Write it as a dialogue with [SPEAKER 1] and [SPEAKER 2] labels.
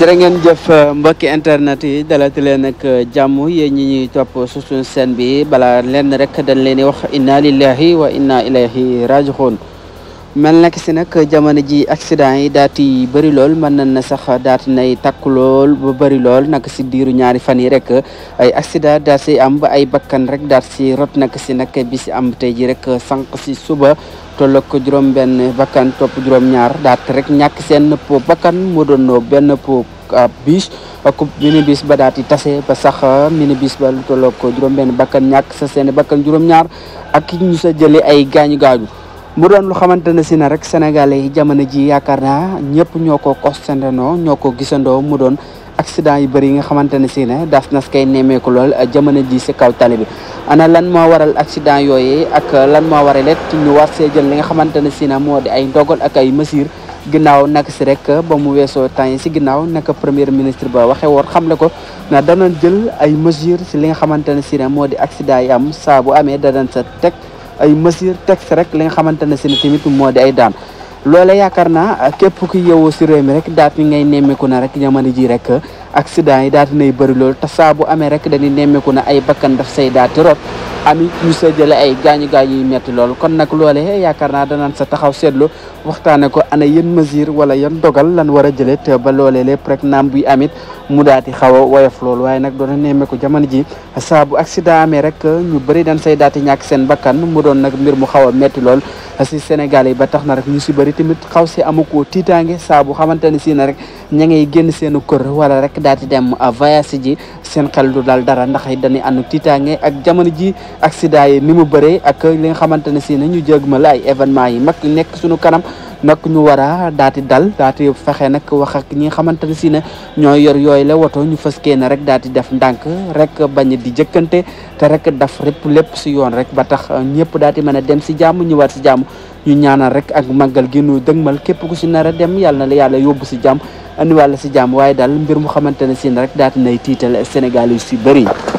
[SPEAKER 1] jërë ngeen jëf euh, mbokki internet yi dalati leen ak euh, jàmm yéen ñi ñuy topp suñu seen bi bala leen rek dañ leen di wax inna lillahi wa inna ilayhi raji'un mel na si nag jamono ji accident yi daati bëri lool mën nañ na sax daati nay takku lool ba bari lool nag si diiru ñaari fan yi rek ay accident daat si am ba ay bakkan rek daat si rot nag si nag bi si am tey ji rek sànq si suba tolloog ko juróom benn bakkan topp juróom ñaar daat rek ñàkk seen nëpp bakkan mu doon benn po bis ak minibus ba daati tase ba sax minibus ba lu tolloog ko juróom benn bakkan ñàkk sa seen bakkan juróom ñaar ak ñu sa jële ay gaañu gaañu mu doon lu xamante ne si na rek sénégalais yi jamono ji yaakaar naa ñëpp ñoo ko constantandoo ñoo ko gisandoo mu doon accident yi bëri yi nga xamante ne si ne daf nas kay nemmeeku lool uh, jamono ji si kaw tali bi ana lan moo waral accident yooyu ak lan moo waral it ñu war see jël nga xamante ne si na moo di ay ndogal ak ay mesures ginnaaw nak si rek ba mu weesoo temps yi si ginnaaw naka première ministre ba waxee woon xam xamle ko na danañ jël ay mesures si li nga xamante ne si ne moo di accident yi am saa bu amee danañ sa teg ay mesures texte rek li nga xamante ne si ne moo di ay daan loole yaakaar naa képp ku yeewoo si réew mi rek daat yi ngay nemmeeku na rek jamono ji rek accident yi daata nay bëri lool te saa bu amee rek dañuy nemmeeku na ay bakkan daf say daati rot amit ñu sa jële ay gaañu gaañu yu metti lool kon nag loolee yaakaar naa danaan sa taxaw seetlu waxtaane ko ana yan mesure wala yan dogal lan war a jëlee te ba loole lépp rek naam buy amit mu daati xaw a woyof lool waaye nag doona nemmeeku jamono ji saa bu accident amee rek ñu bari dañ say daati ñàkk seen bakkan mu doon nag mbir mu xaw a metti lool si Sénégal yi ba tax na rek ñu si bëri tamit xaw si amukoo tiitaange saa bu xamante ne si rek ña ngay génn seen kër wala rek daal di dem voyage ji seen xel du daal dara ndax dañuy ànd tiitaange ak jamono ji accident yi ni mu bëree ak li nga xamante ne si na ñu jégmal lay événement yi mag nekk suñu kanam nag ñu war a daati dal daati fexe nag wax ak ñi nga xamante ne si ne ñooy yor yooyu la woto ñu fës kee ne rek daati def ndànk rek bañ di jëkkante te rek daf rëpp lépp si yoon rek ba tax ñëpp daati mën a dem si jàmm ñëwaat ci jàmm ñu ñaanal rek ak màggal gi nu dëgmal képp ku si nar a dem yàlla na la yàlla yóbbu si jàmm andiwaat la si jàmm waaye daal mbir mu xamante ne si rek daati nay tiital Sénégal yu si bëri.